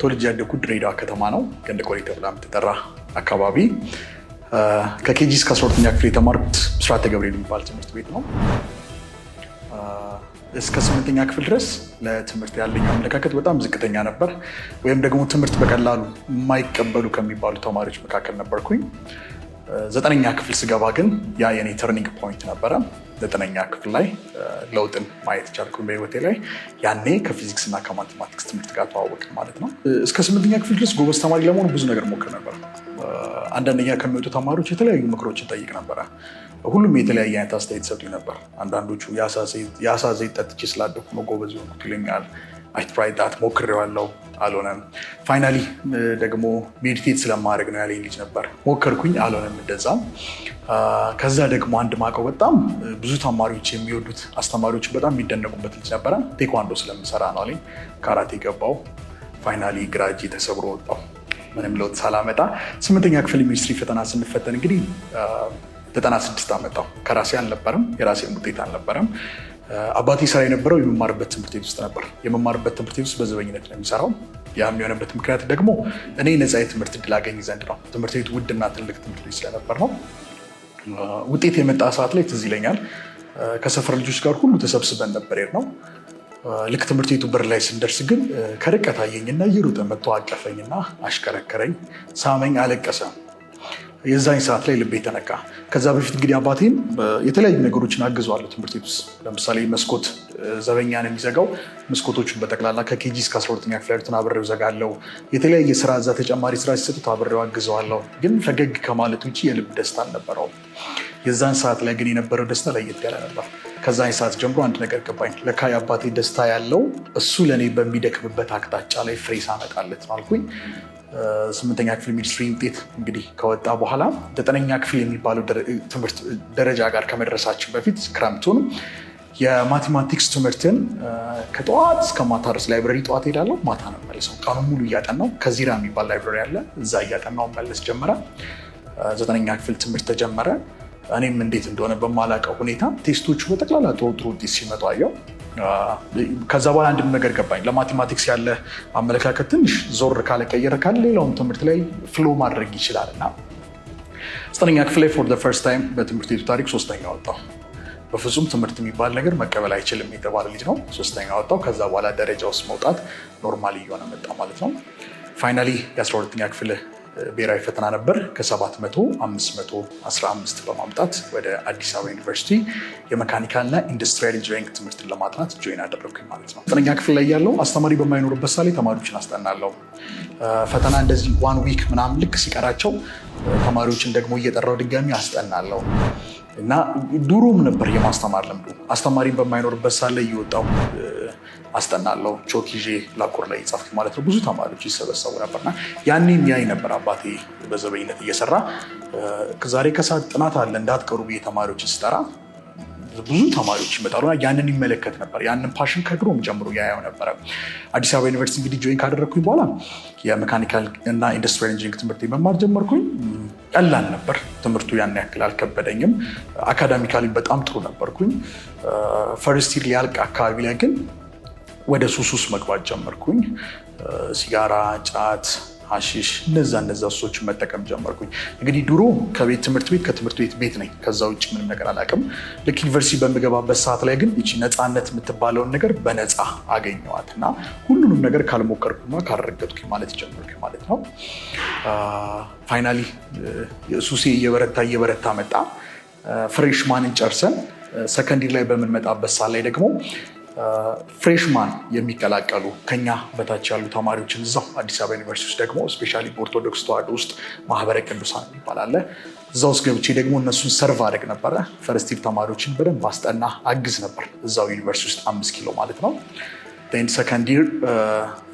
ተወልጄ ያደግኩት ድሬዳዋ ከተማ ነው። ገንደ ቆሬ ተብላ የምትጠራ አካባቢ። ከኬጂ እስከ 12ኛ ክፍል የተማርኩት ብስራተ ገብርኤል የሚባል ትምህርት ቤት ነው። እስከ ስምንተኛ ክፍል ድረስ ለትምህርት ያለኝ አመለካከት በጣም ዝቅተኛ ነበር፣ ወይም ደግሞ ትምህርት በቀላሉ የማይቀበሉ ከሚባሉ ተማሪዎች መካከል ነበርኩኝ። ዘጠነኛ ክፍል ስገባ ግን ያ የኔ ተርኒንግ ፖይንት ነበረ። ዘጠነኛ ክፍል ላይ ለውጥን ማየት ቻልኩኝ በህይወቴ ላይ። ያኔ ከፊዚክስ እና ከማቴማቲክስ ትምህርት ጋር ተዋወቅ ማለት ነው። እስከ ስምንተኛ ክፍል ድረስ ጎበዝ ተማሪ ለመሆኑ ብዙ ነገር ሞክር ነበር። አንዳንደኛ ከሚወጡ ተማሪዎች የተለያዩ ምክሮችን ጠይቅ ነበረ። ሁሉም የተለያየ አይነት አስተያየት ሰጡኝ ነበር። አንዳንዶቹ የአሳ ዘይት ጠጥቼ ስላደኩ ነው ጎበዝ ሆንኩት ይለኛል። አይትራይ ዳት ሞክሬዋለሁ፣ አልሆነም። ፋይናሊ ደግሞ ሜዲቴት ስለማድረግ ነው ያለኝ ልጅ ነበር። ሞከርኩኝ፣ አልሆነም እንደዛም። ከዛ ደግሞ አንድ ማቀው በጣም ብዙ ተማሪዎች የሚወዱት አስተማሪዎች በጣም የሚደነቁበት ልጅ ነበረ። ቴኳንዶ ስለምሰራ ነው አለኝ። ካራቴ ገባው። ፋይናሊ ግራ ተሰብሮ ወጣው ምንም ለውጥ ሳላመጣ። ስምንተኛ ክፍል ሚኒስትሪ ፈተና ስንፈተን እንግዲህ ዘጠና ስድስት አመጣው። ከራሴ አልነበረም፣ የራሴ ውጤት አልነበረም። አባቴ ስራ የነበረው የመማርበት ትምህርት ቤት ውስጥ ነበር። የመማርበት ትምህርት ቤት ውስጥ በዘበኝነት ነው የሚሰራው። ያም የሆነበት ምክንያት ደግሞ እኔ ነፃ የትምህርት እድል አገኝ ዘንድ ነው። ትምህርት ቤቱ ውድና ትልቅ ትምህርት ቤት ስለነበር ነው። ውጤት የመጣ ሰዓት ላይ ትዝ ይለኛል ከሰፈር ልጆች ጋር ሁሉ ተሰብስበን ነበር ነው ልክ ትምህርት ቤቱ በር ላይ ስንደርስ ግን ከርቀት አየኝና እየሮጠ መጥቶ አቀፈኝና አሽከረከረኝ፣ ሳመኝ፣ አለቀሰ። የዛኝ ሰዓት ላይ ልቤ ተነቃ። ከዛ በፊት እንግዲህ አባቴም የተለያዩ ነገሮችን አግዘዋለሁ ትምህርት ቤት ውስጥ ለምሳሌ መስኮት ዘበኛ ነው የሚዘጋው። መስኮቶቹን በጠቅላላ ከኬጂ እስከ 12ኛ ክፍል ያሉትን አብሬው ዘጋለው። የተለያየ ስራ እዛ ተጨማሪ ስራ ሲሰጡት አብሬው አግዘዋለሁ። ግን ፈገግ ከማለት ውጭ የልብ ደስታ አልነበረውም። የዛን ሰዓት ላይ ግን የነበረው ደስታ ለየት ያለ ነበር። ከዛኝ ሰዓት ጀምሮ አንድ ነገር ገባኝ። ለካ የአባቴ ደስታ ያለው እሱ ለእኔ በሚደክምበት አቅጣጫ ላይ ፍሬ ሳመጣለት ነው አልኩኝ። ስምንተኛ ክፍል ሚኒስትሪ ውጤት እንግዲህ ከወጣ በኋላ ዘጠነኛ ክፍል የሚባለው ትምህርት ደረጃ ጋር ከመድረሳችን በፊት ክረምቱን የማቴማቲክስ ትምህርትን ከጠዋት እስከ ማታ ድረስ ላይብረሪ ጠዋት ሄዳለው፣ ማታ ነው መልሰው። ቀኑ ሙሉ እያጠናው ከዚራ የሚባል ላይብረሪ አለ፣ እዛ እያጠናው መለስ ጀመረ። ዘጠነኛ ክፍል ትምህርት ተጀመረ። እኔም እንዴት እንደሆነ በማላውቀው ሁኔታ ቴስቶቹ በጠቅላላ ጥሩ ጥሩ ውጤት ሲመጡ አየው። ከዛ በኋላ አንድ ነገር ገባኝ። ለማቴማቲክስ ያለ አመለካከት ትንሽ ዞር ካለ ቀየረ ካለ ሌላውም ትምህርት ላይ ፍሎ ማድረግ ይችላል እና ዘጠነኛ ክፍል ላይ ፎር ፈርስት ታይም በትምህርት ቤቱ ታሪክ ሶስተኛ ወጣው በፍጹም ትምህርት የሚባል ነገር መቀበል አይችልም የተባለ ልጅ ነው። ሶስተኛ ወጣው። ከዛ በኋላ ደረጃ ውስጥ መውጣት ኖርማል እየሆነ መጣ ማለት ነው። ፋይናሊ የ12ኛ ክፍል ብሔራዊ ፈተና ነበር። ከሰባት መቶ አምስት በማምጣት ወደ አዲስ አበባ ዩኒቨርሲቲ የመካኒካልና ኢንዱስትሪያል ኢንጂኒሪንግ ትምህርትን ለማጥናት ጆይን አደረግኩኝ ማለት ነው። ዘጠነኛ ክፍል ላይ ያለው አስተማሪ በማይኖርበት ሳሌ ተማሪዎችን አስጠናለሁ። ፈተና እንደዚህ ዋን ዊክ ምናምን ልክ ሲቀራቸው ተማሪዎችን ደግሞ እየጠራው ድጋሚ አስጠናለው እና ድሮም ነበር የማስተማር ልምዱ አስተማሪን በማይኖርበት ሳለ እየወጣው አስጠናለሁ ቾክ ይዤ ላኮር ላይ ጻፍኩ ማለት ነው። ብዙ ተማሪዎች ይሰበሰቡ ነበርና ያኔም ያይ ነበር አባቴ በዘበኝነት እየሰራ ዛሬ ከሰዓት ጥናት አለ እንዳትቀሩ ብዬ ተማሪዎች ስጠራ ብዙ ተማሪዎች ይመጣሉ ያንን ይመለከት ነበር። ያንን ፓሽን ከድሮም ጀምሮ ያየው ነበረ። አዲስ አበባ ዩኒቨርሲቲ እንግዲህ ጆይን ካደረግኩኝ በኋላ የመካኒካል እና ኢንዱስትሪያል ኢንጂኒሪንግ ትምህርት መማር ጀመርኩኝ። ቀላል ነበር ትምህርቱ፣ ያን ያክል አልከበደኝም። አካዳሚካሊ በጣም ጥሩ ነበርኩኝ። ፈርስቲ ሊያልቅ አካባቢ ላይ ግን ወደ ሱስ ውስጥ መግባት ጀመርኩኝ። ሲጋራ፣ ጫት፣ ሐሺሽ እነዛ እነዛ ሱሶችን መጠቀም ጀመርኩኝ። እንግዲህ ድሮ ከቤት ትምህርት ቤት ከትምህርት ቤት ቤት ነኝ። ከዛ ውጭ ምንም ነገር አላውቅም። ልክ ዩኒቨርሲቲ በምገባበት ሰዓት ላይ ግን ይቺ ነፃነት የምትባለውን ነገር በነፃ አገኘዋት እና ሁሉንም ነገር ካልሞከርኩና ካልረገጥኩኝ ማለት ጀመርኩኝ ማለት ነው። ፋይናሊ ሱሴ እየበረታ እየበረታ መጣ። ፍሬሽማንን ጨርሰን ሰከንዲ ላይ በምንመጣበት ሰዓት ላይ ደግሞ ፍሬሽማን የሚቀላቀሉ ከኛ በታች ያሉ ተማሪዎችን እዛው አዲስ አበባ ዩኒቨርሲቲ ውስጥ ደግሞ ስፔሻሊ በኦርቶዶክስ ተዋሕዶ ውስጥ ማህበረ ቅዱሳን ይባላል። እዛ ውስጥ ገብቼ ደግሞ እነሱን ሰርቭ አድርግ ነበረ። ፈረስቲቭ ተማሪዎችን በደንብ አስጠና አግዝ ነበር እዛው ዩኒቨርሲቲ ውስጥ አምስት ኪሎ ማለት ነው። ን ሰከንድ ይር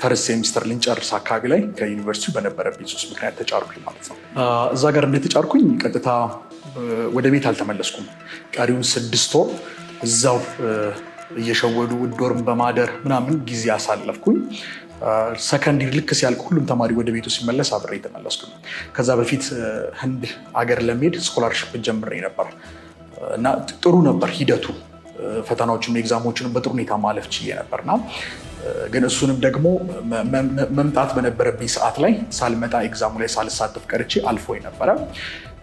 ፈርስት ሴሚስተር ልንጨርስ አካባቢ ላይ ከዩኒቨርሲቲ በነበረብኝ ሶስት ምክንያት ተጫርኩኝ ማለት ነው። uh, እዛ ጋር እንደተጫርኩኝ ቀጥታ uh, ወደ ቤት አልተመለስኩም። ቀሪውን ስድስት ወር እዛው uh, እየሸወዱ ዶርም በማደር ምናምን ጊዜ አሳለፍኩኝ። ሰከንድ ልክ ሲያልቅ ሁሉም ተማሪ ወደ ቤቱ ሲመለስ አብሬ የተመለስኩ። ከዛ በፊት ህንድ አገር ለመሄድ ስኮላርሽፕ ጀምሬ ነበር እና ጥሩ ነበር ሂደቱ። ፈተናዎችን ኤግዛሞችንም በጥሩ ሁኔታ ማለፍ ችዬ ነበርና ግን እሱንም ደግሞ መምጣት በነበረብኝ ሰዓት ላይ ሳልመጣ ኤግዛሙ ላይ ሳልሳተፍ ቀርቼ አልፎ ነበረ።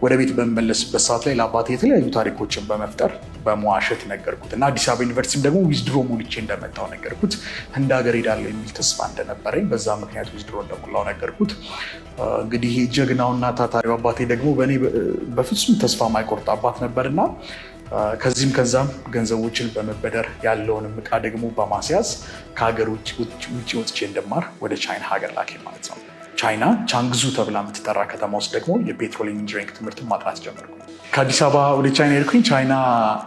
ወደ ቤት በምመለስበት ሰዓት ላይ ለአባቴ የተለያዩ ታሪኮችን በመፍጠር በመዋሸት ነገርኩት እና አዲስ አበባ ዩኒቨርሲቲም ደግሞ ዊዝድሮ ሞልቼ እንደመጣው ነገርኩት። እንደ ሀገር ሄዳለሁ የሚል ተስፋ እንደነበረኝ በዛ ምክንያት ዊዝድሮ እንደሞላው ነገርኩት። እንግዲህ ይሄ ጀግናውና ታታሪው አባቴ ደግሞ በእኔ በፍጹም ተስፋ ማይቆርጥ አባት ነበርና ከዚህም ከዛም ገንዘቦችን በመበደር ያለውን ዕቃ ደግሞ በማስያዝ ከሀገር ውጭ ወጥቼ እንደማር ወደ ቻይና ሀገር ላኬ ማለት ነው። ቻይና ቻንግዙ ተብላ የምትጠራ ከተማ ውስጥ ደግሞ የፔትሮሊየም ኢንጂኒሪንግ ትምህርትን ማጥናት ጀመርኩ። ከአዲስ አበባ ወደ ቻይና ሄድኩኝ። ቻይና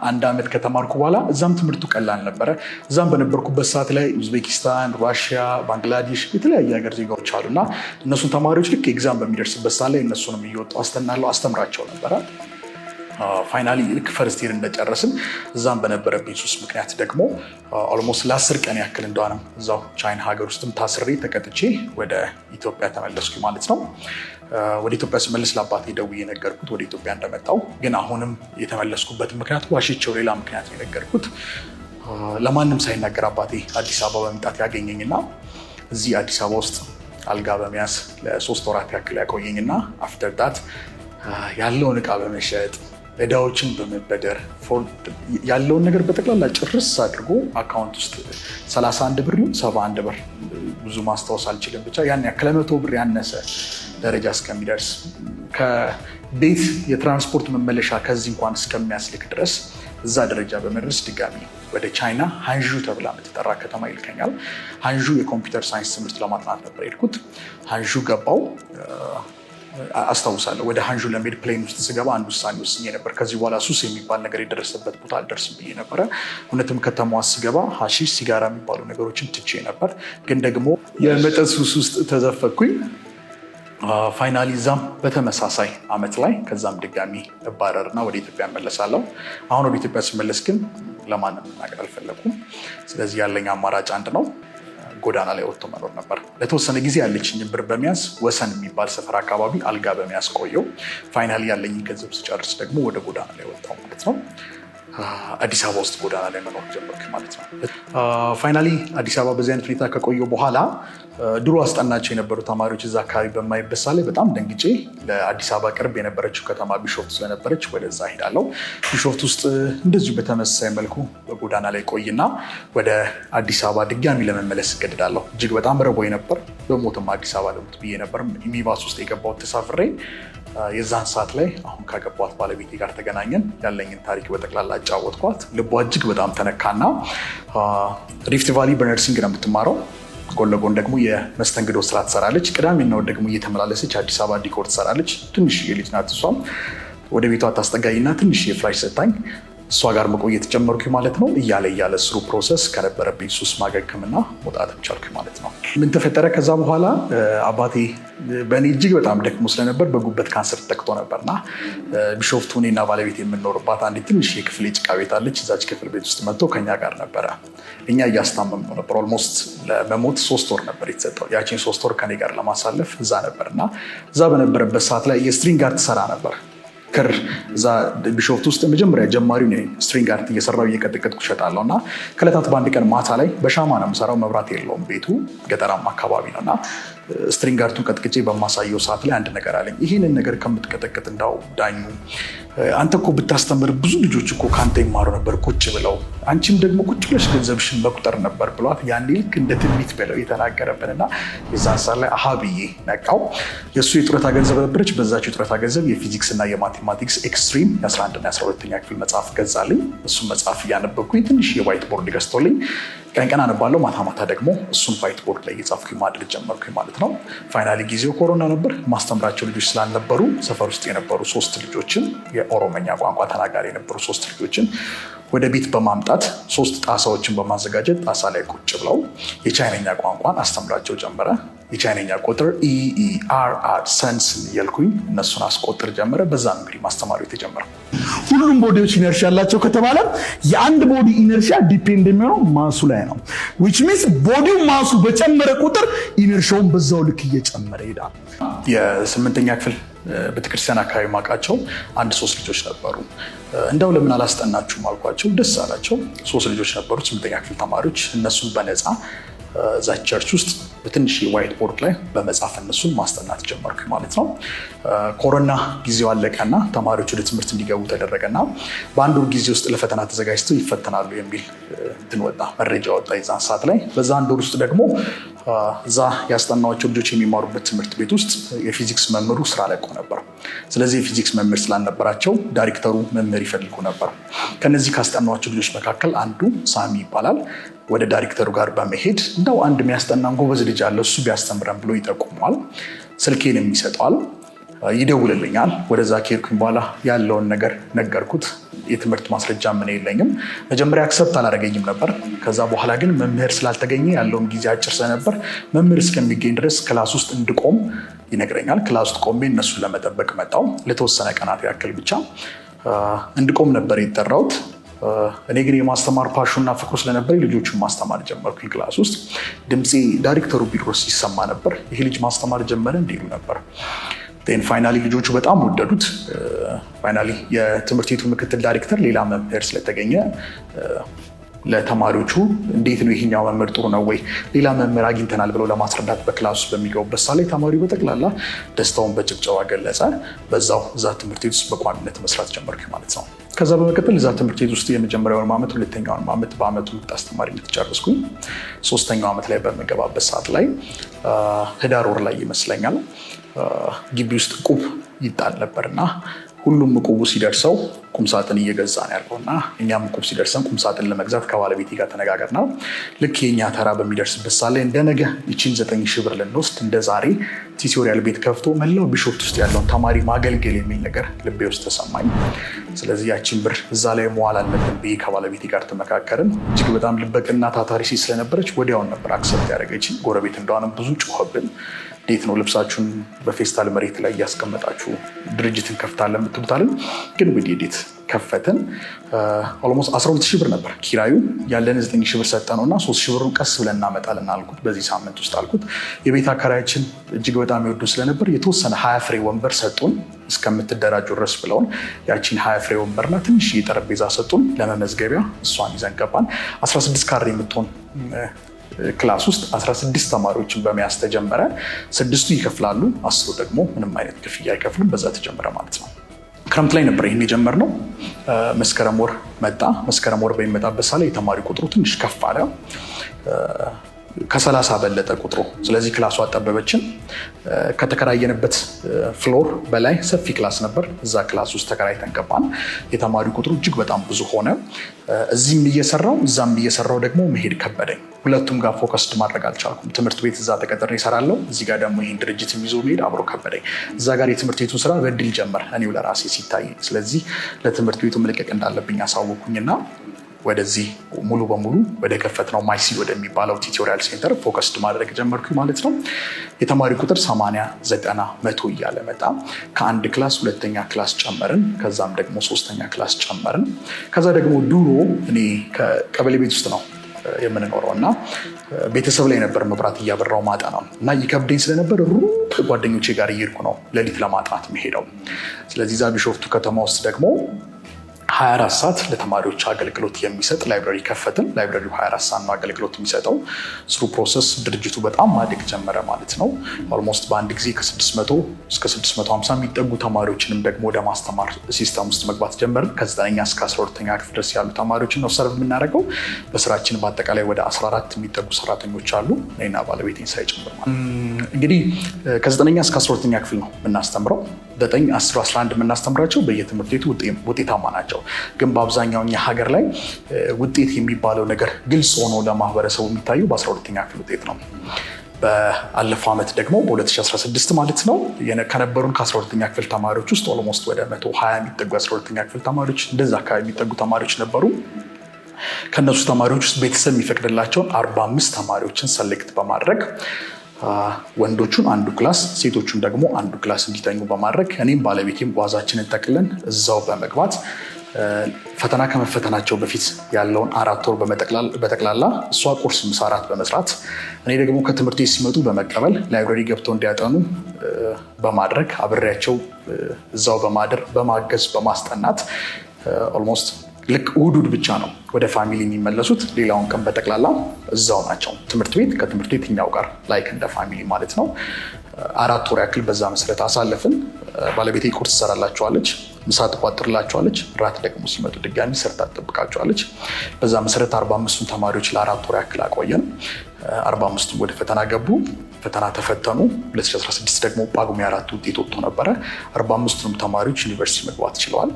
አንድ ዓመት ከተማርኩ በኋላ እዛም ትምህርቱ ቀላል ነበረ። እዛም በነበርኩበት ሰዓት ላይ ኡዝቤኪስታን፣ ራሽያ፣ ባንግላዴሽ የተለያየ ሀገር ዜጋዎች አሉና እነሱን ተማሪዎች ልክ ኤግዛም በሚደርስበት ሰዓት ላይ እነሱንም እየወጡ አስተናለው አስተምራቸው ነበራል። ፋይናሊ ልክ ፈርስት ይር እንደጨረስን እዛም በነበረብኝ ሱስ ምክንያት ደግሞ ኦልሞስት ለአስር ቀን ያክል እንደሆነም እዛው ቻይና ሀገር ውስጥም ታስሬ ተቀጥቼ ወደ ኢትዮጵያ ተመለስኩ ማለት ነው። ወደ ኢትዮጵያ ስመለስ ለአባቴ ደውዬ የነገርኩት ወደ ኢትዮጵያ እንደመጣው፣ ግን አሁንም የተመለስኩበት ምክንያት ዋሽቸው ሌላ ምክንያት የነገርኩት ለማንም ሳይናገር አባቴ አዲስ አበባ በመምጣት ያገኘኝና እዚህ አዲስ አበባ ውስጥ አልጋ በመያዝ ለሶስት ወራት ያክል ያቆየኝና አፍተር ዳት ያለውን እቃ በመሸጥ እዳዎችን በመበደር ያለውን ነገር በጠቅላላ ጭርስ አድርጎ አካውንት ውስጥ 31 ብር ይሁን 71 ብር ብዙ ማስታወስ አልችልም፣ ብቻ ያን ያክል መቶ ብር ያነሰ ደረጃ እስከሚደርስ ከቤት የትራንስፖርት መመለሻ ከዚህ እንኳን እስከሚያስልክ ድረስ እዛ ደረጃ በመድረስ ድጋሚ ወደ ቻይና ሃንዡ ተብላ የምትጠራ ከተማ ይልከኛል። ሃንዡ የኮምፒውተር ሳይንስ ትምህርት ለማጥናት ነበር የሄድኩት። ሃንዡ ገባው። አስታውሳለሁ። ወደ ሃንዡ ለመሄድ ፕሌን ውስጥ ስገባ አንድ ውሳኔ ወስኜ ነበር። ከዚህ በኋላ ሱስ የሚባል ነገር የደረሰበት ቦታ አልደርስም ብዬ ነበረ። እውነትም ከተማዋ ስገባ ሀሺሽ፣ ሲጋራ የሚባሉ ነገሮችን ትቼ ነበር። ግን ደግሞ የመጠጥ ሱስ ውስጥ ተዘፈኩኝ። ፋይናሊ በተመሳሳይ አመት ላይ ከዛም ድጋሚ እባረርና ወደ ኢትዮጵያ እመለሳለሁ። አሁን ወደ ኢትዮጵያ ስመለስ ግን ለማንም መናገር አልፈለኩም። ስለዚህ ያለኝ አማራጭ አንድ ነው። ጎዳና ላይ ወጥቶ መኖር ነበር። ለተወሰነ ጊዜ ያለችኝ ብር በመያዝ ወሰን የሚባል ሰፈር አካባቢ አልጋ በመያዝ ቆየው። ፋይናል ያለኝ ገንዘብ ስጨርስ ደግሞ ወደ ጎዳና ላይ ወጣው ማለት ነው። አዲስ አበባ ውስጥ ጎዳና ላይ መኖር ጀመርክ ማለት ነው። ፋይናሊ አዲስ አበባ በዚህ አይነት ሁኔታ ከቆየው በኋላ ድሮ አስጠናቸው የነበሩ ተማሪዎች እዛ አካባቢ በማይበሳ ላይ በጣም ደንግጬ ለአዲስ አበባ ቅርብ የነበረችው ከተማ ቢሾፍት ስለነበረች ወደዛ ሄዳለው። ቢሾፍት ውስጥ እንደዚሁ በተመሳሳይ መልኩ በጎዳና ላይ ቆይና ወደ አዲስ አበባ ድጋሚ ለመመለስ እገድዳለሁ። እጅግ በጣም ረቦኝ ነበር። በሞትም አዲስ አበባ ልሙት ብዬ ነበር። ሚኒባስ ውስጥ የገባሁት ተሳፍሬ የዛን ሰዓት ላይ አሁን ካገባት ባለቤቴ ጋር ተገናኘን። ያለኝን ታሪክ በጠቅላላ አጫወትኳት። ልቧ እጅግ በጣም ተነካና ሪፍት ቫሊ በነርሲንግ ነው የምትማረው ጎን ለጎን ደግሞ የመስተንግዶ ስራ ትሰራለች። ቅዳሜና እሑድ ደግሞ እየተመላለሰች አዲስ አበባ ዲኮር ትሰራለች። ትንሽዬ ልጅ ናት እሷም ወደ ቤቷ ታስጠጋኝና ትንሽ የፍላሽ ሰታኝ እሷ ጋር መቆየት ጀመርኩ ማለት ነው። እያለ እያለ ስሩ ፕሮሰስ ከነበረብኝ ሱስ ማገገምና መውጣት ቻልኩ ማለት ነው። ምን ተፈጠረ? ከዛ በኋላ አባቴ በእኔ እጅግ በጣም ደክሞ ስለነበር በጉበት ካንሰር ተጠቅቶ ነበርና ቢሾፍቱ እኔና ባለቤት የምንኖርባት አንድ ትንሽ የክፍል ጭቃ ቤት አለች። እዛች ክፍል ቤት ውስጥ መጥቶ ከኛ ጋር ነበረ። እኛ እያስታመም ነው ነበር። ኦልሞስት ለመሞት ሶስት ወር ነበር የተሰጠው። ያችን ሶስት ወር ከኔ ጋር ለማሳለፍ እዛ ነበር እና እዛ በነበረበት ሰዓት ላይ የስትሪንግ ጋር ትሰራ ነበር ክር እዛ ቢሾፍት ውስጥ መጀመሪያ ጀማሪው ስትሪንግ አርት እየሰራው እየቀጠቀጥኩ እሸጣለሁ እና ከዕለታት በአንድ ቀን ማታ ላይ በሻማ ነው የምሰራው። መብራት የለውም ቤቱ ገጠራማ አካባቢ ነው እና ስትሪንግ አርቱን ቀጥቅጬ በማሳየው ሰዓት ላይ አንድ ነገር አለኝ። ይህንን ነገር ከምትቀጠቅጥ እንዳው ዳኙ አንተ እኮ ብታስተምር ብዙ ልጆች እኮ ከአንተ ይማሩ ነበር ቁጭ ብለው፣ አንቺም ደግሞ ቁጭ ብለሽ ገንዘብሽን መቁጠር ነበር ብሏት፣ ያኔ ልክ እንደ ትንቢት በለው የተናገረብን እና የዛን ሰዓት ላይ አሀ ብዬ ነቃው። የእሱ የጡረታ ገንዘብ ነበረች። በዛቸው የጡረታ ገንዘብ የፊዚክስ እና የማቴማቲክስ ኤክስትሪም የ11ና 12 ኛ ክፍል መጽሐፍ ገዛልኝ። እሱም መጽሐፍ እያነበብኩኝ ትንሽ የዋይት ቦርድ ገዝቶልኝ ቀን ቀን አነባለው ማታ ማታ ደግሞ እሱን ፋይት ቦርድ ላይ እየጻፍኩ ማድረግ ጀመርኩ ማለት ነው። ፋይናሊ ጊዜው ኮሮና ነበር። ማስተምራቸው ልጆች ስላልነበሩ ሰፈር ውስጥ የነበሩ ሶስት ልጆችን የኦሮመኛ ቋንቋ ተናጋሪ የነበሩ ሶስት ልጆችን ወደ ቤት በማምጣት ሶስት ጣሳዎችን በማዘጋጀት ጣሳ ላይ ቁጭ ብለው የቻይነኛ ቋንቋን አስተምራቸው ጀመረ። የቻይነኛ ቁጥር ኢኢአርአር e ሰንስ e እያልኩኝ እነሱን አስቆጥር ጀመረ። በዛ እንግዲህ ማስተማሪ የተጀመረ። ሁሉም ቦዲዎች ኢነርሺ ያላቸው ከተባለ የአንድ ቦዲ ኢነርሺያ ዲፔንድ የሚሆነው ማሱ ላይ ነው። ዊች ሚንስ ቦዲው ማሱ በጨመረ ቁጥር ኢነርሺውን በዛው ልክ እየጨመረ ይሄዳል። የስምንተኛ ክፍል ቤተክርስቲያን አካባቢ ማውቃቸው አንድ ሶስት ልጆች ነበሩ። እንደው ለምን አላስጠናችሁም አልኳቸው። ደስ አላቸው። ሶስት ልጆች ነበሩ፣ ስምንተኛ ክፍል ተማሪዎች። እነሱን በነፃ እዛ ቸርች ውስጥ በትንሽ የዋይት ቦርድ ላይ በመጻፍ እነሱን ማስጠናት ጀመርክ ማለት ነው። ኮሮና ጊዜው አለቀና ተማሪዎች ወደ ትምህርት እንዲገቡ ተደረገና በአንድ ወር ጊዜ ውስጥ ለፈተና ተዘጋጅተው ይፈተናሉ የሚል እንትን ወጣ፣ መረጃ ወጣ የዛን ሰዓት ላይ። በዛ አንድ ወር ውስጥ ደግሞ እዛ ያስጠናዋቸው ልጆች የሚማሩበት ትምህርት ቤት ውስጥ የፊዚክስ መምህሩ ስራ ለቆ ነበር። ስለዚህ የፊዚክስ መምህር ስላልነበራቸው ዳይሬክተሩ መምህር ይፈልጉ ነበር። ከነዚህ ካስጠናዋቸው ልጆች መካከል አንዱ ሳሚ ይባላል። ወደ ዳይሬክተሩ ጋር በመሄድ እንደው አንድ የሚያስጠናን ጎበዝ ልጅ አለ እሱ ቢያስተምረን ብሎ ይጠቁመዋል። ስልኬንም ይሰጠዋል። ይደውልልኛል። ወደዛ ከሄድኩኝ በኋላ ያለውን ነገር ነገርኩት። የትምህርት ማስረጃ ምን የለኝም። መጀመሪያ አክሰብት አላደረገኝም ነበር። ከዛ በኋላ ግን መምህር ስላልተገኘ ያለውን ጊዜ አጭር ስለነበር መምህር እስከሚገኝ ድረስ ክላስ ውስጥ እንድቆም ይነግረኛል። ክላስ ውስጥ ቆሜ እነሱን ለመጠበቅ መጣው። ለተወሰነ ቀናት ያክል ብቻ እንድቆም ነበር የተጠራሁት። እኔ ግን የማስተማር ፓሹና ፍቅሩ ስለነበር ልጆቹን ማስተማር ጀመርኩኝ። ክላስ ውስጥ ድምፄ ዳይሬክተሩ ቢሮስ ይሰማ ነበር። ይሄ ልጅ ማስተማር ጀመረ እንዲሉ ነበር ፋይናሊ ልጆቹ በጣም ወደዱት። ፋይናሊ የትምህርት ቤቱ ምክትል ዳይሬክተር ሌላ መምህር ስለተገኘ ለተማሪዎቹ እንዴት ነው ይሄኛው መምህር ጥሩ ነው ወይ ሌላ መምህር አግኝተናል ብለው ለማስረዳት በክላስ ውስጥ በሚገቡበት ሳ ላይ ተማሪው በጠቅላላ ደስታውን በጭብጨባ ገለጸ። በዛው እዛ ትምህርት ቤት ውስጥ በቋሚነት መስራት ጀመርክ ማለት ነው። ከዛ በመቀጠል እዛ ትምህርት ቤት ውስጥ የመጀመሪያውን ዓመት፣ ሁለተኛውን ዓመት በአመቱ ምርጥ አስተማሪነት ጨርስኩኝ። ሶስተኛው ዓመት ላይ በምገባበት ሰዓት ላይ ህዳር ወር ላይ ይመስለኛል ግቢ ውስጥ ቁብ ይጣል ነበር እና ሁሉም ቁቡ ሲደርሰው ቁምሳጥን እየገዛ ነው ያልከው እና እኛም ቁብ ሲደርሰን ቁምሳጥን ለመግዛት ከባለቤት ጋር ተነጋገር ነው። ልክ የእኛ ተራ በሚደርስበት ሳለ እንደ ነገ ይችን ዘጠኝ ሺህ ብር ልንወስድ እንደ ዛሬ ቲቶሪያል ቤት ከፍቶ መላው ቢሾፍት ውስጥ ያለውን ተማሪ ማገልገል የሚል ነገር ልቤ ውስጥ ተሰማኝ። ስለዚህ ያችን ብር እዛ ላይ መዋል አለብን ብዬ ከባለቤት ጋር ተመካከርን። እጅግ በጣም ልበቅና ታታሪ ሴት ስለነበረች ወዲያውን ነበር አክሰፕት ያደረገች። ጎረቤት እንደሆነ ብዙ ጮኸብን። እንዴት ነው ልብሳችሁን በፌስታል መሬት ላይ እያስቀመጣችሁ ድርጅትን ከፍታለን ምትሉታለን? ግን እንዴት ከፈትን? ኦልሞስት 12 ሺህ ብር ነበር ኪራዩ። ያለን 9 ሺህ ብር ሰጠ ነው እና 3 ሺህ ብሩን ቀስ ብለን እናመጣለን አልኩት፣ በዚህ ሳምንት ውስጥ አልኩት። የቤት አከራያችን እጅግ በጣም ይወዱ ስለነበር የተወሰነ ሀያ ፍሬ ወንበር ሰጡን እስከምትደራጁ ድረስ ብለውን ያቺን ሀያ ፍሬ ወንበርና ትንሽ ጠረጴዛ ሰጡን ለመመዝገቢያ። እሷን ይዘን ገባን። 16 ካሬ የምትሆን ክላስ ውስጥ 16 ተማሪዎችን በመያዝ ተጀመረ። ስድስቱ ይከፍላሉ፣ አስሩ ደግሞ ምንም አይነት ክፍያ አይከፍሉም። በዛ ተጀመረ ማለት ነው። ክረምት ላይ ነበር ይህን የጀመርነው። መስከረም ወር መጣ። መስከረም ወር በሚመጣበት ሳለ የተማሪ ቁጥሩ ትንሽ ከፍ አለ። ከሰላሳ በለጠ ቁጥሩ። ስለዚህ ክላሱ አጠበበችን። ከተከራየንበት ፍሎር በላይ ሰፊ ክላስ ነበር። እዛ ክላስ ውስጥ ተከራይተን ገባን። የተማሪ ቁጥሩ እጅግ በጣም ብዙ ሆነ። እዚህም እየሰራው እዛም እየሰራው ደግሞ መሄድ ከበደኝ። ሁለቱም ጋር ፎከስድ ማድረግ አልቻልኩም። ትምህርት ቤት እዛ ተቀጥሬ እሰራለሁ፣ እዚህ ጋር ደግሞ ይህን ድርጅት የሚዞ መሄድ አብሮ ከበደኝ። እዛ ጋር የትምህርት ቤቱን ስራ በድል ጀመር እኔው ለራሴ ሲታይ፣ ስለዚህ ለትምህርት ቤቱ መልቀቅ እንዳለብኝ አሳወኩኝና ወደዚህ ሙሉ በሙሉ ወደ ከፈት ነው ማይሲ ወደሚባለው ቲቶሪያል ሴንተር ፎከስድ ማድረግ ጀመርኩ ማለት ነው። የተማሪ ቁጥር 80፣ 90፣ መቶ እያለ መጣ። ከአንድ ክላስ ሁለተኛ ክላስ ጨመርን፣ ከዛም ደግሞ ሶስተኛ ክላስ ጨመርን። ከዛ ደግሞ ድሮ እኔ ከቀበሌ ቤት ውስጥ ነው የምንኖረው እና ቤተሰብ ላይ ነበር መብራት እያበራው ማጣ ነው እና ይከብደኝ ስለነበር ሩቅ ጓደኞቼ ጋር እየሄድኩ ነው ለሊት ለማጥናት መሄደው። ስለዚህ እዛ ቢሾፍቱ ከተማ ውስጥ ደግሞ 24 ሰዓት ለተማሪዎች አገልግሎት የሚሰጥ ላይብራሪ ከፈትን። ላይብራሪው 24 ሰዓት ነው አገልግሎት የሚሰጠው። ስሩ ፕሮሰስ ድርጅቱ በጣም ማደግ ጀመረ ማለት ነው። ኦልሞስት በአንድ ጊዜ ከ600 እስከ 650 የሚጠጉ ተማሪዎችንም ደግሞ ወደ ማስተማር ሲስተም ውስጥ መግባት ጀመርን። ከ9ኛ እስከ 12ኛ ክፍል ድረስ ያሉ ተማሪዎችን ነው ሰርቭ የምናደርገው። በስራችን በአጠቃላይ ወደ 14 የሚጠጉ ሰራተኞች አሉ፣ እኔና ባለቤቴን ሳይጨምር ማለት እንግዲህ ከ9ኛ እስከ 12ኛ ክፍል ነው የምናስተምረው። ዘጠኝ አስር አስራ አንድ የምናስተምራቸው በየትምህርት ቤቱ ውጤታማ ናቸው። ግን በአብዛኛው እኛ ሀገር ላይ ውጤት የሚባለው ነገር ግልጽ ሆኖ ለማህበረሰቡ የሚታየው በአስራ ሁለተኛ ክፍል ውጤት ነው። በአለፈው ዓመት ደግሞ በ2016 ማለት ነው ከነበሩን ከ12ኛ ክፍል ተማሪዎች ውስጥ ኦልሞስት ወደ 120 የሚጠጉ 12 ኛ ክፍል ተማሪዎች እንደዛ አካባቢ የሚጠጉ ተማሪዎች ነበሩ። ከእነሱ ተማሪዎች ውስጥ ቤተሰብ የሚፈቅድላቸውን 45 ተማሪዎችን ሰሌክት በማድረግ ወንዶቹን አንዱ ክላስ ሴቶቹን ደግሞ አንዱ ክላስ እንዲተኙ በማድረግ እኔም ባለቤቴም ጓዛችንን ጠቅለን እዛው በመግባት ፈተና ከመፈተናቸው በፊት ያለውን አራት ወር በጠቅላላ እሷ ቁርስ፣ ምሳ፣ እራት በመስራት እኔ ደግሞ ከትምህርት ቤት ሲመጡ በመቀበል ላይብረሪ ገብተው እንዲያጠኑ በማድረግ አብሬያቸው እዛው በማደር በማገዝ በማስጠናት ኦልሞስት ልክ ውዱድ ብቻ ነው ወደ ፋሚሊ የሚመለሱት። ሌላውን ቀን በጠቅላላ እዛው ናቸው። ትምህርት ቤት ከትምህርት ቤት እኛው ጋር ላይክ እንደ ፋሚሊ ማለት ነው። አራት ወር ያክል በዛ መሰረት አሳለፍን። ባለቤቴ ቁርስ ትሰራላቸዋለች፣ ምሳ ትቋጥርላቸዋለች፣ ራት ደግሞ ሲመጡ ድጋሚ ሰርታ ትጠብቃቸዋለች። በዛ መሰረት አርባ አምስቱን ተማሪዎች ለአራት ወር ያክል አቆየን። አርባ አምስቱን ወደ ፈተና ገቡ። ፈተና ተፈተኑ። 2016 ደግሞ ጳጉሜ አራት ውጤት ወጥቶ ነበረ። አርባ አምስቱንም ተማሪዎች ዩኒቨርሲቲ መግባት ችለዋል።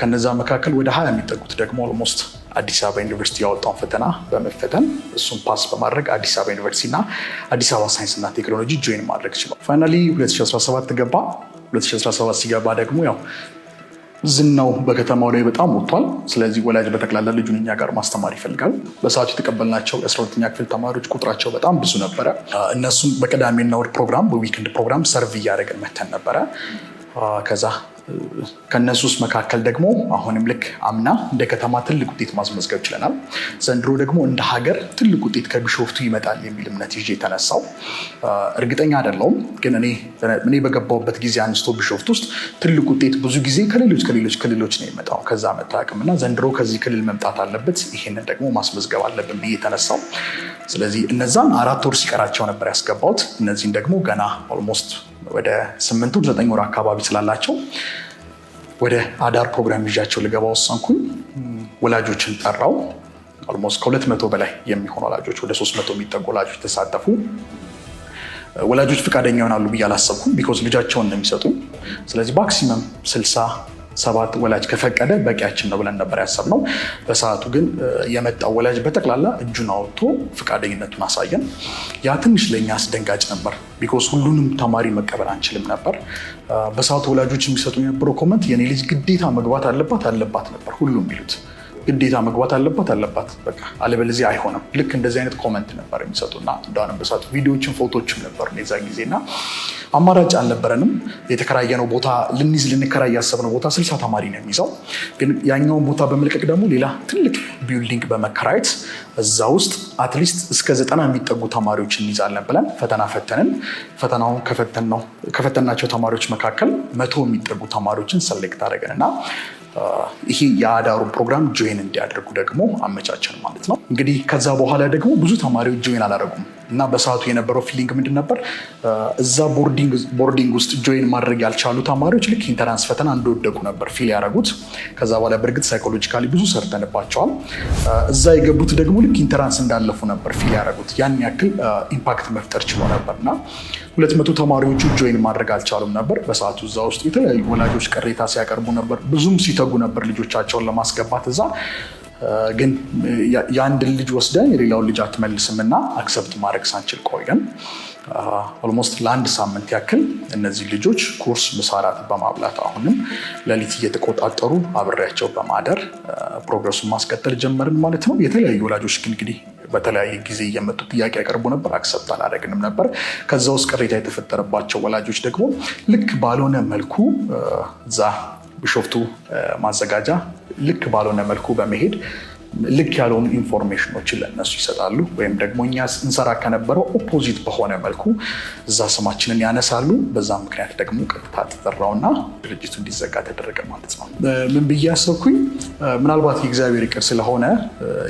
ከነዛ መካከል ወደ ሀያ የሚጠጉት ደግሞ ኦልሞስት አዲስ አበባ ዩኒቨርሲቲ ያወጣውን ፈተና በመፈተን እሱን ፓስ በማድረግ አዲስ አበባ ዩኒቨርሲቲ እና አዲስ አበባ ሳይንስና ቴክኖሎጂ ጆይን ማድረግ ችሏል። ፋይናሊ 2017 ገባ። 2017 ሲገባ ደግሞ ያው ዝናው በከተማው ላይ በጣም ወጥቷል። ስለዚህ ወላጅ በጠቅላላ ልጁን እኛ ጋር ማስተማር ይፈልጋል። በሰዓቱ የተቀበልናቸው የ12ኛ ክፍል ተማሪዎች ቁጥራቸው በጣም ብዙ ነበረ። እነሱም በቅዳሜና እሑድ ፕሮግራም በዊክንድ ፕሮግራም ሰርቭ እያደረግን መተን ነበረ ከዛ ከነሱስ መካከል ደግሞ አሁንም ልክ አምና እንደ ከተማ ትልቅ ውጤት ማስመዝገብ ችለናል። ዘንድሮ ደግሞ እንደ ሀገር ትልቅ ውጤት ከቢሾፍቱ ይመጣል የሚል እምነት ይዤ የተነሳው እርግጠኛ አይደለሁም፣ ግን እኔ በገባውበት ጊዜ አንስቶ ቢሾፍት ውስጥ ትልቅ ውጤት ብዙ ጊዜ ከሌሎች ከሌሎች ክልሎች ነው የመጣው ከዛ መታቅም እና ዘንድሮ ከዚህ ክልል መምጣት አለበት፣ ይህንን ደግሞ ማስመዝገብ አለብን ብዬ የተነሳው። ስለዚህ እነዛን አራት ወር ሲቀራቸው ነበር ያስገባውት። እነዚህን ደግሞ ገና ኦልሞስት ወደ ስምንት ወር ዘጠኝ ወር አካባቢ ስላላቸው ወደ አዳር ፕሮግራም ይዣቸው ልገባ ወሰንኩኝ። ወላጆችን ጠራው። ኦልሞስት ከሁለት መቶ በላይ የሚሆኑ ወላጆች ወደ ሶስት መቶ የሚጠጉ ወላጆች ተሳተፉ። ወላጆች ፈቃደኛ ይሆናሉ ብዬ አላሰብኩም፣ ቢኮዝ ልጃቸውን እንደሚሰጡ ስለዚህ ማክሲመም ስልሳ ሰባት ወላጅ ከፈቀደ በቂያችን ነው ብለን ነበር ያሰብነው። በሰዓቱ ግን የመጣው ወላጅ በጠቅላላ እጁን አውጥቶ ፈቃደኝነቱን አሳየን። ያ ትንሽ ለእኛ አስደንጋጭ ነበር፣ ቢኮስ ሁሉንም ተማሪ መቀበል አንችልም ነበር። በሰዓቱ ወላጆች የሚሰጡ የነበረው ኮመንት የኔ ልጅ ግዴታ መግባት አለባት አለባት ነበር ሁሉም ቢሉት ግዴታ መግባት አለባት አለባት፣ በቃ አለበለዚያ አይሆንም። ልክ እንደዚህ አይነት ኮመንት ነበር የሚሰጡና እንዳነበሳቱ ቪዲዮዎችን ፎቶዎችም ነበር የዛ ጊዜ ጊዜና አማራጭ አልነበረንም። የተከራየነው ቦታ ልንይዝ ልንከራይ ያሰብነው ቦታ ስልሳ ተማሪ ነው የሚይዘው። ግን ያኛውን ቦታ በመልቀቅ ደግሞ ሌላ ትልቅ ቢልዲንግ በመከራየት እዛ ውስጥ አትሊስት እስከ ዘጠና የሚጠጉ ተማሪዎች እንይዛለን ብለን ፈተና ፈተንን። ፈተናውን ከፈተናቸው ተማሪዎች መካከል መቶ የሚጠጉ ተማሪዎችን ሰሌክት አደረገን እና ይሄ የአዳሩን ፕሮግራም ጆይን እንዲያደርጉ ደግሞ አመቻቸን ማለት ነው። እንግዲህ ከዛ በኋላ ደግሞ ብዙ ተማሪዎች ጆይን አላደረጉም። እና በሰዓቱ የነበረው ፊሊንግ ምንድን ነበር? እዛ ቦርዲንግ ውስጥ ጆይን ማድረግ ያልቻሉ ተማሪዎች ልክ ኢንተራንስ ፈተና እንደወደቁ ነበር ፊል ያደረጉት። ከዛ በኋላ በእርግጥ ሳይኮሎጂካሊ ብዙ ሰርተንባቸዋል። እዛ የገቡት ደግሞ ልክ ኢንተራንስ እንዳለፉ ነበር ፊል ያደረጉት። ያን ያክል ኢምፓክት መፍጠር ችሎ ነበር እና ሁለት መቶ ተማሪዎቹ ጆይን ማድረግ አልቻሉም ነበር በሰዓቱ። እዛ ውስጥ የተለያዩ ወላጆች ቅሬታ ሲያቀርቡ ነበር፣ ብዙም ሲተጉ ነበር ልጆቻቸውን ለማስገባት እዛ ግን የአንድን ልጅ ወስደን የሌላውን ልጅ አትመልስም እና አክሰብት ማድረግ ሳንችል ቆየን። ኦልሞስት ለአንድ ሳምንት ያክል እነዚህ ልጆች ኩርስ ምሳራት በማብላት አሁንም ሌሊት እየተቆጣጠሩ አብሬያቸው በማደር ፕሮግረሱን ማስቀጠል ጀመርን ማለት ነው። የተለያዩ ወላጆች ግን እንግዲህ በተለያየ ጊዜ እየመጡ ጥያቄ ያቀርቡ ነበር። አክሰብት አላደረግንም ነበር። ከዛ ውስጥ ቅሬታ የተፈጠረባቸው ወላጆች ደግሞ ልክ ባልሆነ መልኩ እዛ ቢሾፍቱ ማዘጋጃ ልክ ባልሆነ መልኩ በመሄድ ልክ ያለውን ኢንፎርሜሽኖችን ለእነሱ ይሰጣሉ፣ ወይም ደግሞ እኛ እንሰራ ከነበረው ኦፖዚት በሆነ መልኩ እዛ ስማችንን ያነሳሉ። በዛ ምክንያት ደግሞ ቀጥታ ተጠራውና ድርጅቱ እንዲዘጋ ተደረገ ማለት ነው። ምን ብዬ አሰብኩኝ፣ ምናልባት የእግዚአብሔር ይቅር ስለሆነ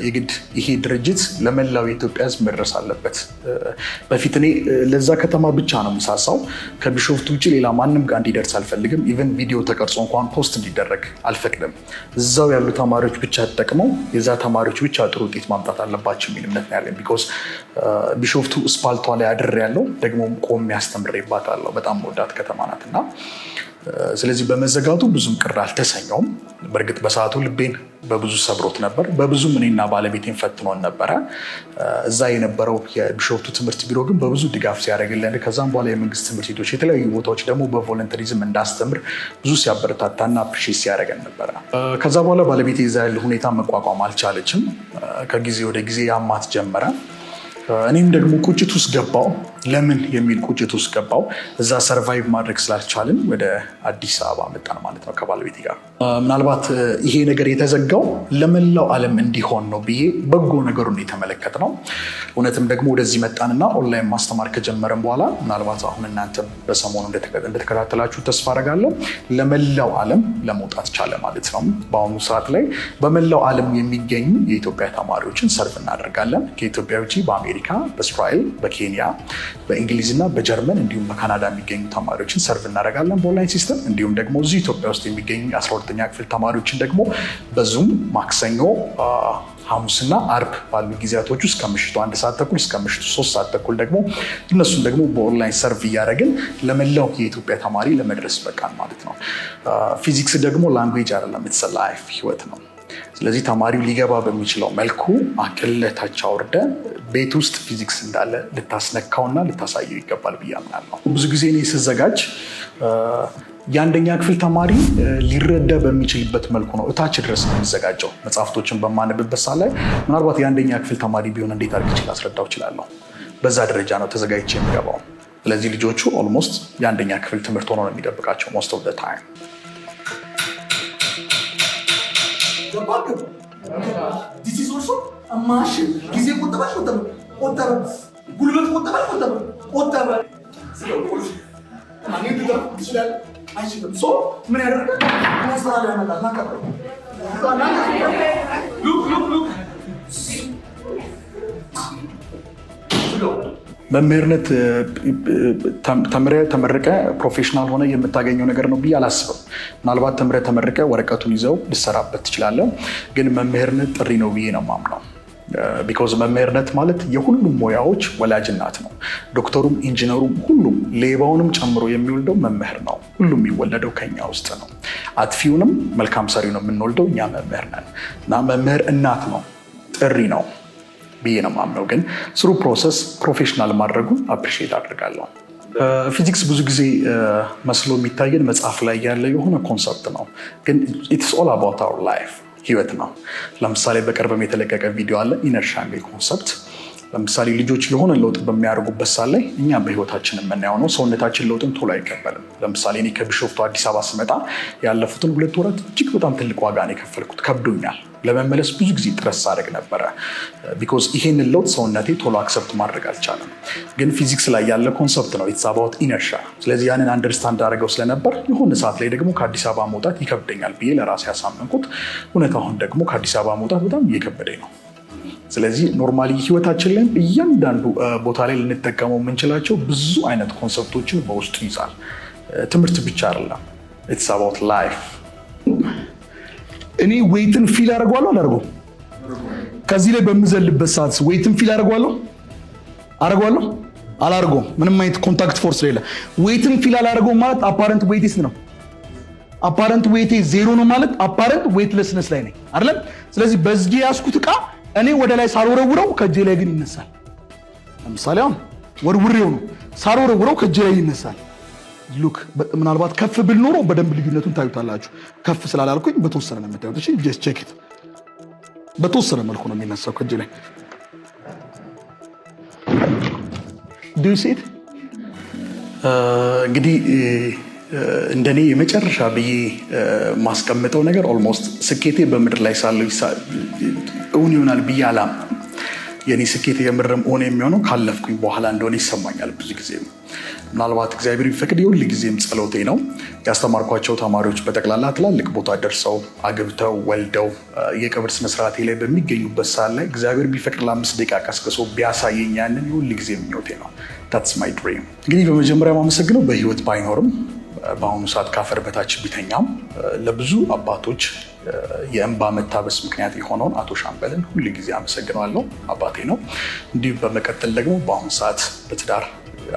የግድ ይሄ ድርጅት ለመላው የኢትዮጵያ ሕዝብ መድረስ አለበት። በፊት እኔ ለዛ ከተማ ብቻ ነው የምሳሳው። ከቢሾፍቱ ውጭ ሌላ ማንም ጋር እንዲደርስ አልፈልግም። ኢቨን ቪዲዮ ተቀርጾ እንኳን ፖስት እንዲደረግ አልፈቅድም። እዛው ያሉ ተማሪዎች ብቻ ተጠቅመው የዛ ተማሪዎች ብቻ ጥሩ ውጤት ማምጣት አለባቸው የሚል እምነት ነው ያለኝ። ቢኮዝ uh, ቢሾፍቱ ስፓልቷ ላይ አድር ያለው ደግሞ ቆም ያስተምር ይባታለው በጣም መወዳት ከተማ ናት እና ስለዚህ በመዘጋቱ ብዙም ቅር አልተሰኘውም። በእርግጥ በሰዓቱ ልቤን በብዙ ሰብሮት ነበር። በብዙም እኔና ባለቤቴን ፈትኖን ነበረ። እዛ የነበረው የቢሾፍቱ ትምህርት ቢሮ ግን በብዙ ድጋፍ ሲያደርግልን፣ ከዛም በኋላ የመንግስት ትምህርት ቤቶች፣ የተለያዩ ቦታዎች ደግሞ በቮለንተሪዝም እንዳስተምር ብዙ ሲያበረታታና ፕሪሼት ሲያደርገን ነበረ። ከዛ በኋላ ባለቤቴ እዛ ያለ ሁኔታ መቋቋም አልቻለችም። ከጊዜ ወደ ጊዜ ያማት ጀመረ። እኔም ደግሞ ቁጭት ውስጥ ገባው። ለምን የሚል ቁጭት ውስጥ ገባው። እዛ ሰርቫይቭ ማድረግ ስላልቻልን ወደ አዲስ አበባ መጣን ማለት ነው ከባለቤቴ ጋር። ምናልባት ይሄ ነገር የተዘጋው ለመላው ዓለም እንዲሆን ነው ብዬ በጎ ነገሩን የተመለከት ነው። እውነትም ደግሞ ወደዚህ መጣንና ኦንላይን ማስተማር ከጀመረን በኋላ ምናልባት አሁን እናንተ በሰሞኑ እንደተከታተላችሁ ተስፋ አደርጋለሁ ለመላው ዓለም ለመውጣት ቻለ ማለት ነው። በአሁኑ ሰዓት ላይ በመላው ዓለም የሚገኙ የኢትዮጵያ ተማሪዎችን ሰርፍ እናደርጋለን ከኢትዮጵያ ውጭ በአሜሪካ በአሜሪካ፣ በእስራኤል፣ በኬንያ፣ በእንግሊዝ ና በጀርመን እንዲሁም በካናዳ የሚገኙ ተማሪዎችን ሰርቭ እናደርጋለን በኦንላይን ሲስተም። እንዲሁም ደግሞ እዚሁ ኢትዮጵያ ውስጥ የሚገኙ 12 ኛ ክፍል ተማሪዎችን ደግሞ በዙም ማክሰኞ ሐሙስና አርብ ባሉ ጊዜያቶች ውስጥ ከምሽቱ አንድ ሰዓት ተኩል እስከ ምሽቱ ሶስት ሰዓት ተኩል ደግሞ እነሱን ደግሞ በኦንላይን ሰርቭ እያደረግን ለመላው የኢትዮጵያ ተማሪ ለመድረስ በቃል ማለት ነው። ፊዚክስ ደግሞ ላንጉጅ አይደለም፣ የተሰላ ህይወት ነው። ስለዚህ ተማሪው ሊገባ በሚችለው መልኩ አቅለታች አውርደ ቤት ውስጥ ፊዚክስ እንዳለ ልታስነካውና ልታሳየው ይገባል ብዬ አምናለሁ። ብዙ ጊዜ እኔ ስዘጋጅ የአንደኛ ክፍል ተማሪ ሊረዳ በሚችልበት መልኩ ነው እታች ድረስ ነው የሚዘጋጀው። መጽሐፍቶችን በማነብበት ሰዓት ላይ ምናልባት የአንደኛ ክፍል ተማሪ ቢሆን እንዴት አድርጌ አስረዳው እችላለሁ? በዛ ደረጃ ነው ተዘጋጅቼ የሚገባው። ስለዚህ ልጆቹ ኦልሞስት የአንደኛ ክፍል ትምህርት ሆኖ ነው የሚደብቃቸው ሞስት ኦፍ ታይም ይገባል። ዲስ ኢዝ ኦልሶ ማሽን ጊዜ ቆጠባል። ቆጠበ ቆጠበ ጉልበት ቆጠባል። ቆጠበ ቆጠበ ይችላል አይችልም። ሶ ምን ያደርጋል? መምህርነት ተምረ ተመርቀ ፕሮፌሽናል ሆነ የምታገኘው ነገር ነው ብዬ አላስብም። ምናልባት ተምረ ተመርቀ ወረቀቱን ይዘው ልሰራበት ትችላለ። ግን መምህርነት ጥሪ ነው ብዬ ነው ማምነው። ቢኮዝ መምህርነት ማለት የሁሉም ሙያዎች ወላጅ እናት ነው። ዶክተሩም፣ ኢንጂነሩም፣ ሁሉም ሌባውንም ጨምሮ የሚወልደው መምህር ነው። ሁሉም የሚወለደው ከኛ ውስጥ ነው። አጥፊውንም መልካም ሰሪ ነው የምንወልደው እኛ መምህር ነን እና መምህር እናት ነው ጥሪ ነው። ብዬ ነው ማምነው። ግን ስሩ ፕሮሰስ ፕሮፌሽናል ማድረጉን አፕሪሺየት አድርጋለሁ። ፊዚክስ ብዙ ጊዜ መስሎ የሚታየን መጽሐፍ ላይ ያለ የሆነ ኮንሰፕት ነው፣ ግን ኢትስ ኦል አባውት አወር ላይፍ ህይወት ነው። ለምሳሌ በቅርብም የተለቀቀ ቪዲዮ አለ ኢነርሻ የሚል ኮንሰፕት ለምሳሌ ልጆች የሆነ ለውጥ በሚያደርጉበት ሰዓት ላይ እኛ በህይወታችን የምናየው ነው። ሰውነታችን ለውጥን ቶሎ አይቀበልም። ለምሳሌ እኔ ከቢሾፍቱ አዲስ አበባ ስመጣ ያለፉትን ሁለት ወራት እጅግ በጣም ትልቅ ዋጋ ነው የከፈልኩት፣ ከብዶኛል። ለመመለስ ብዙ ጊዜ ጥረት ሳደርግ ነበረ። ቢኮዝ ይሄንን ለውጥ ሰውነቴ ቶሎ አክሰፕት ማድረግ አልቻለም። ግን ፊዚክስ ላይ ያለ ኮንሰፕት ነው የተዛባሁት ኢነርሻ። ስለዚህ ያንን አንደርስታንድ አድርገው ስለነበር የሆነ ሰዓት ላይ ደግሞ ከአዲስ አበባ መውጣት ይከብደኛል ብዬ ለራሴ ያሳመንኩት እውነት፣ አሁን ደግሞ ከአዲስ አበባ መውጣት በጣም እየከበደኝ ነው። ስለዚህ ኖርማሊ ህይወታችን ላይም እያንዳንዱ ቦታ ላይ ልንጠቀመው የምንችላቸው ብዙ አይነት ኮንሰፕቶችን በውስጡ ይዛል። ትምህርት ብቻ አይደለም። ኢትስ አባውት ላይፍ እኔ ዌይትን ፊል አደርገዋለሁ አላደርገው? ከዚህ ላይ በምዘልበት ሰዓት ዌይትን ፊል አደርገዋለሁ አደርገዋለሁ አላደርገውም። ምንም አይነት ኮንታክት ፎርስ ሌለ። ዌይትን ፊል አላደርገውም ማለት አፓረንት ዌይቴ ስንት ነው? አፓረንት ዌይቴ ዜሮ ነው ማለት አፓረንት ዌይትለስነስ ላይ ነኝ አይደለም? ስለዚህ በዚህ ያስኩት እቃ እኔ ወደ ላይ ሳልወረውረው ከእጄ ላይ ግን ይነሳል። ለምሳሌ አሁን ወርውሬው ነው ሳልወረውረው ከእጄ ላይ ይነሳል። ሉክ ምናልባት ከፍ ብል ኖሮ በደንብ ልዩነቱን ታዩታላችሁ። ከፍ ስላላልኩኝ በተወሰነ ነው የምታዩት። እሺ ጀስት ቼክ ኢት። በተወሰነ መልኩ ነው የሚነሳው ከእጅ ላይ ዱሴት። እንግዲህ እንደኔ የመጨረሻ ብዬ ማስቀምጠው ነገር ኦልሞስት ስኬቴ በምድር ላይ ሳለው እውን ይሆናል ብዬ አላም የኔ ስኬት የምርም ሆነ የሚሆነው ካለፍኩኝ በኋላ እንደሆነ ይሰማኛል። ብዙ ጊዜ ምናልባት እግዚአብሔር ቢፈቅድ የሁል ጊዜም ጸሎቴ ነው። ያስተማርኳቸው ተማሪዎች በጠቅላላ ትላልቅ ቦታ ደርሰው አግብተው ወልደው የቅብር ስነስርዓቴ ላይ በሚገኙበት ሰዓት ላይ እግዚአብሔር ቢፈቅድ ለአምስት ደቂቃ ቀስቅሶ ቢያሳየኝ ያንን የሁል ጊዜ ምኞቴ ነው። ታትስ ማይ ድሪም። እንግዲህ በመጀመሪያ ማመሰግነው በህይወት ባይኖርም በአሁኑ ሰዓት ካፈር በታች ቢተኛም ለብዙ አባቶች የእንባ መታበስ ምክንያት የሆነውን አቶ ሻምበልን ሁል ጊዜ አመሰግነዋለሁ። አባቴ ነው። እንዲሁም በመቀጠል ደግሞ በአሁኑ ሰዓት በትዳር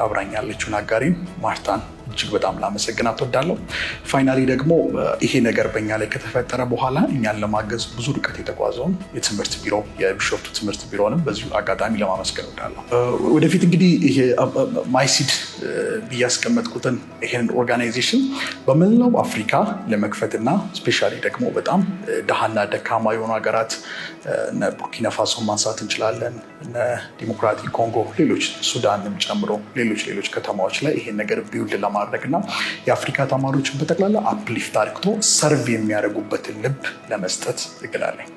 አብራኝ ያለችውን አጋሪም ማርታን እጅግ በጣም ላመሰግናት እወዳለሁ። ፋይናሊ ደግሞ ይሄ ነገር በእኛ ላይ ከተፈጠረ በኋላ እኛን ለማገዝ ብዙ ርቀት የተጓዘውን የትምህርት ቢሮ የቢሾፍቱ ትምህርት ቢሮንም በዚሁ አጋጣሚ ለማመስገን እወዳለሁ። ወደፊት እንግዲህ ማይሲድ ብዬ ያስቀመጥኩትን ይህን ኦርጋናይዜሽን በመላው አፍሪካ ለመክፈትና ስፔሻሊ ደግሞ በጣም ደሃና ደካማ የሆኑ ሀገራት እነ ቡርኪና ፋሶን ማንሳት እንችላለን፣ እነ ዲሞክራቲክ ኮንጎ፣ ሌሎች ሱዳንም ጨምሮ ሌሎች ሌሎች ከተማዎች ላይ ይሄን ነገር ቢውልድ ለማድረግ እና የአፍሪካ ተማሪዎችን በጠቅላላ አፕሊፍት አድርግቶ ሰርቭ የሚያደርጉበትን ልብ ለመስጠት እግላለኝ።